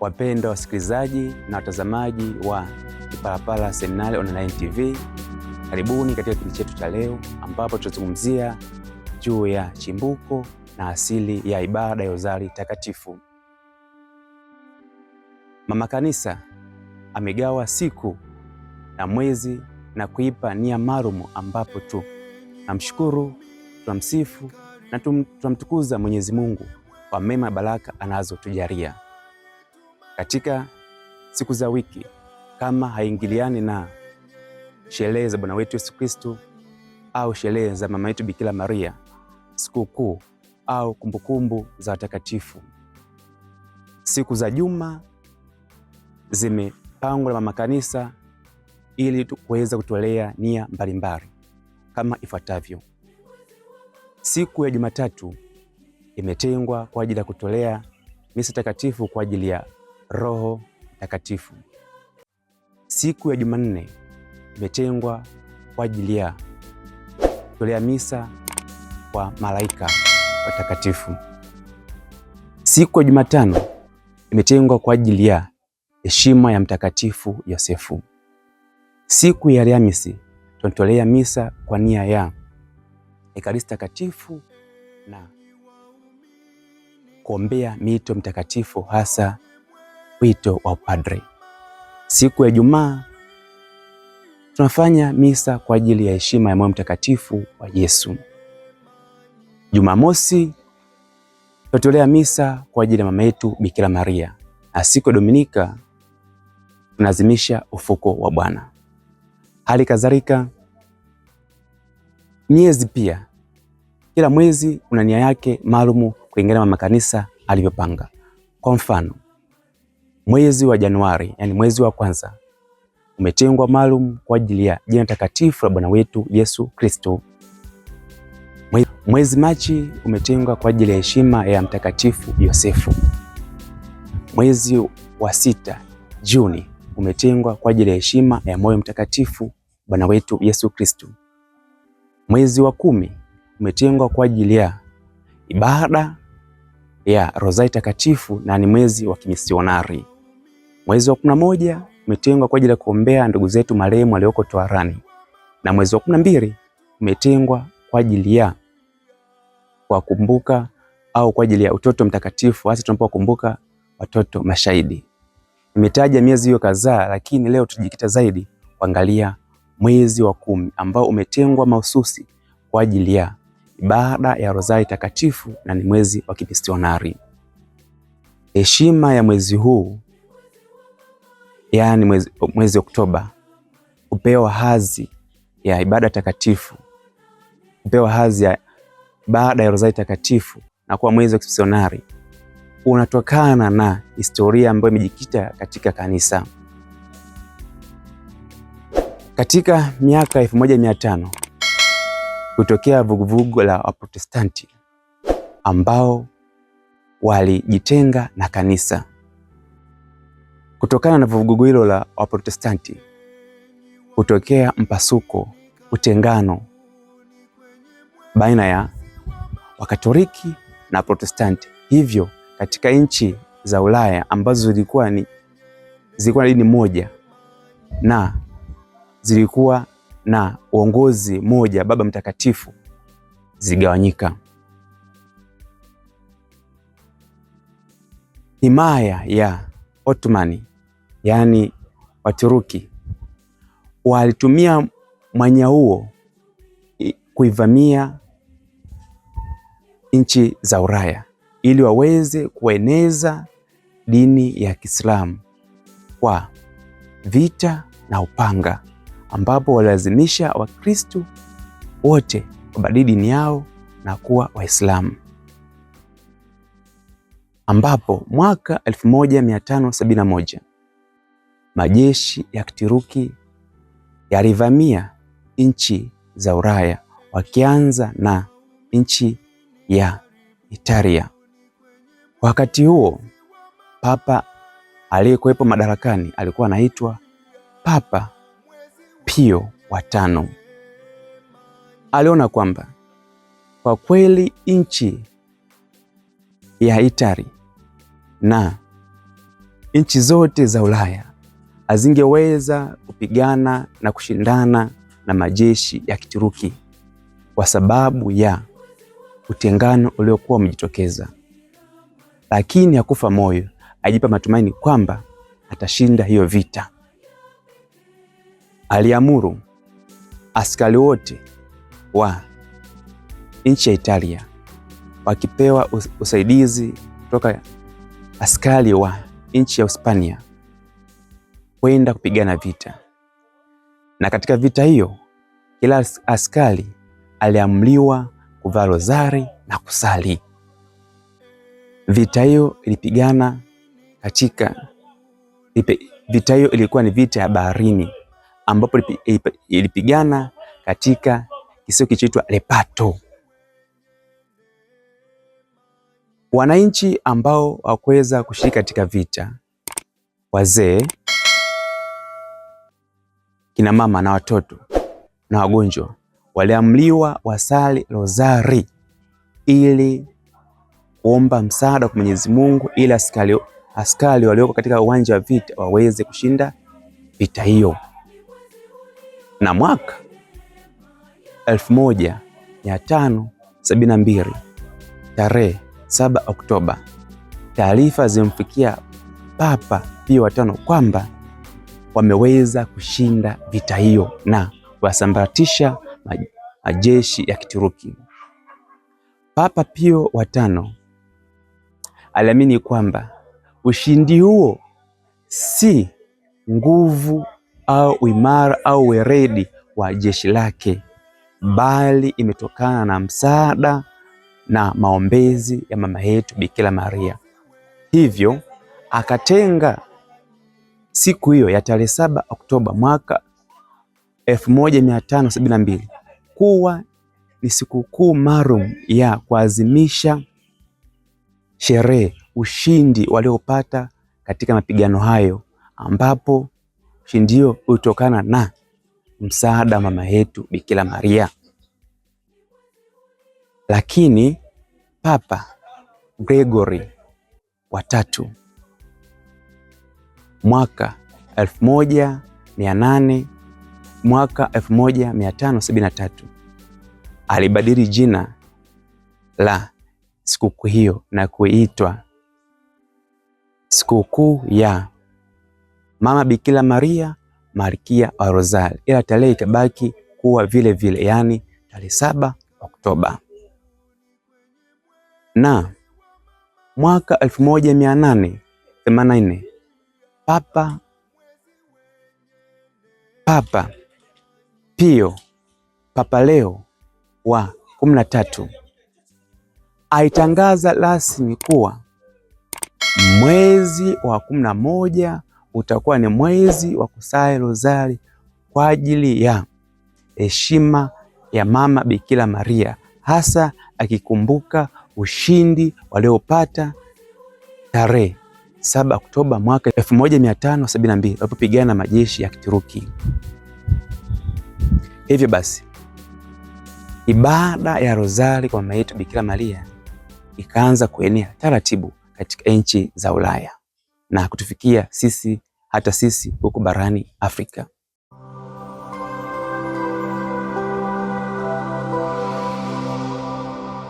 wapendwa wasikilizaji na watazamaji wa Kipalapala Seminari Online TV, karibuni katika kipindi chetu cha leo ambapo tutazungumzia juu ya chimbuko na asili ya ibada ya uzari Takatifu. Mama Kanisa amegawa siku na mwezi na kuipa nia maalum ambapo tu tunamshukuru, tunamsifu na tunamtukuza Mwenyezi Mungu kwa mema baraka anazotujalia katika siku za wiki kama haingiliani na sherehe za Bwana wetu Yesu Kristo au sherehe za mama yetu Bikira Maria, sikukuu au kumbukumbu za watakatifu. Siku za juma zimepangwa na mama kanisa ili kuweza kutolea nia mbalimbali kama ifuatavyo. Siku ya Jumatatu imetengwa kwa ajili ya kutolea misa takatifu kwa ajili ya Roho Mtakatifu. Siku ya Jumanne imetengwa kwa ajili ya kutolea misa kwa malaika watakatifu. Siku ya Jumatano imetengwa kwa ajili ya heshima ya Mtakatifu Yosefu. Siku ya Alhamisi tunatolea misa kwa nia ya Ekaristi Takatifu na kuombea mito mtakatifu hasa wito wa upadre. Siku ya Ijumaa tunafanya misa kwa ajili ya heshima ya moyo mtakatifu wa Yesu. Jumamosi tutolea misa kwa ajili ya mama yetu Bikira Maria, na siku ya Dominika tunaazimisha ufuko wa Bwana. Hali kadhalika miezi pia, kila mwezi una nia yake maalumu kulingana na makanisa alivyopanga. Kwa mfano Mwezi wa Januari, yani mwezi wa kwanza, umetengwa maalum kwa ajili ya jina takatifu la Bwana wetu Yesu Kristo. Mwezi Machi umetengwa kwa ajili ya heshima ya Mtakatifu Yosefu. Mwezi wa sita, Juni, umetengwa kwa ajili ya heshima ya moyo mtakatifu Bwana wetu Yesu Kristo. Mwezi wa kumi umetengwa kwa ajili ya ibada ya Rozari Takatifu na ni mwezi wa kimisionari. Mwezi wa kumi moja umetengwa kwa ajili ya kuombea ndugu zetu marehemu walioko toharani, na mwezi wa kumi na umetengwa kwa ajili ya kuwakumbuka au kwa ajili ya utoto mtakatifu, hasa tunapokumbuka watoto mashahidi. Nimetaja miezi hiyo kadhaa, lakini leo tujikita zaidi kuangalia mwezi wa kumi ambao umetengwa mahususi kwa ajili ya ibada ya Rozari Takatifu na ni mwezi wa kimisionari. Heshima ya mwezi huu yaani mwezi, mwezi Oktoba hupewa hadhi ya ibada takatifu, hupewa hadhi ya baada ya Rozari Takatifu na kuwa mwezi wa kimisionari unatokana na historia ambayo imejikita katika kanisa. Katika miaka elfu moja mia tano kutokea vuguvugu la Waprotestanti ambao walijitenga na kanisa. Kutokana na vuguvugu hilo la Waprotestanti kutokea mpasuko, utengano baina ya Wakatoliki na Protestanti. Hivyo katika nchi za Ulaya ambazo zilikuwa ni zilikuwa na dini moja na zilikuwa na uongozi moja Baba Mtakatifu zigawanyika. Himaya ya Ottomani, yaani Waturuki, walitumia mwanya huo kuivamia nchi za Ulaya ili waweze kueneza dini ya Kiislamu kwa vita na upanga ambapo walilazimisha Wakristo wote wabadili dini yao na kuwa Waislamu, ambapo mwaka 1571 majeshi ya Kituruki yalivamia nchi za Ulaya wakianza na nchi ya Italia. Wakati huo papa aliyekuwepo madarakani alikuwa anaitwa Papa Pio wa tano aliona kwamba kwa kweli nchi ya Itali na nchi zote za Ulaya hazingeweza kupigana na kushindana na majeshi ya Kituruki kwa sababu ya utengano uliokuwa umejitokeza, lakini hakufa moyo, ajipa matumaini kwamba atashinda hiyo vita aliamuru askari wote wa nchi ya Italia wakipewa usaidizi kutoka askari wa nchi ya Hispania kwenda kupigana vita, na katika vita hiyo kila askari aliamliwa kuvaa rozari na kusali. Vita hiyo ilipigana katika vita hiyo ilikuwa ni vita ya baharini ambapo ilipigana katika kisio kichoitwa Lepato. Wananchi ambao hawakuweza kushiriki katika vita, wazee, kina mama na watoto na wagonjwa, waliamliwa wasali rozari ili kuomba msaada kwa Mwenyezi Mungu ili askari askari walioko katika uwanja wa vita waweze kushinda vita hiyo na mwaka 1572 tarehe 7 Oktoba, taarifa zimfikia Papa Pio watano kwamba wameweza kushinda vita hiyo na kuwasambaratisha majeshi ya Kituruki. Papa Pio watano aliamini kwamba ushindi huo si nguvu au uimara au weredi wa jeshi lake, bali imetokana na msaada na maombezi ya mama yetu Bikira Maria. Hivyo akatenga siku hiyo ya tarehe saba Oktoba mwaka 1572 kuwa ni sikukuu maalum ya kuadhimisha sherehe ushindi waliopata katika mapigano hayo ambapo Shindio hutokana na msaada mama yetu Bikira Maria, lakini Papa Gregory wa tatu mwaka elfu moja mia nane mwaka elfu moja mia tano sabini na tatu alibadili jina la sikukuu hiyo na kuitwa sikukuu ya Mama Bikira Maria Malkia wa Rozari, ila tarehe itabaki kuwa vile vile, yaani tarehe saba Oktoba. Na mwaka 1884 Papa Papa Pio Papa Leo wa kumi na tatu aitangaza rasmi kuwa mwezi wa kumi na moja utakuwa ni mwezi wa kusali rozari kwa ajili ya heshima ya mama Bikira Maria, hasa akikumbuka ushindi waliopata tarehe 7 Oktoba mwaka 1572 walipopigana na majeshi ya Kituruki. Hivyo basi ibada ya rozari kwa mama yetu Bikira Maria ikaanza kuenea taratibu katika nchi za Ulaya na kutufikia sisi hata sisi huku barani Afrika.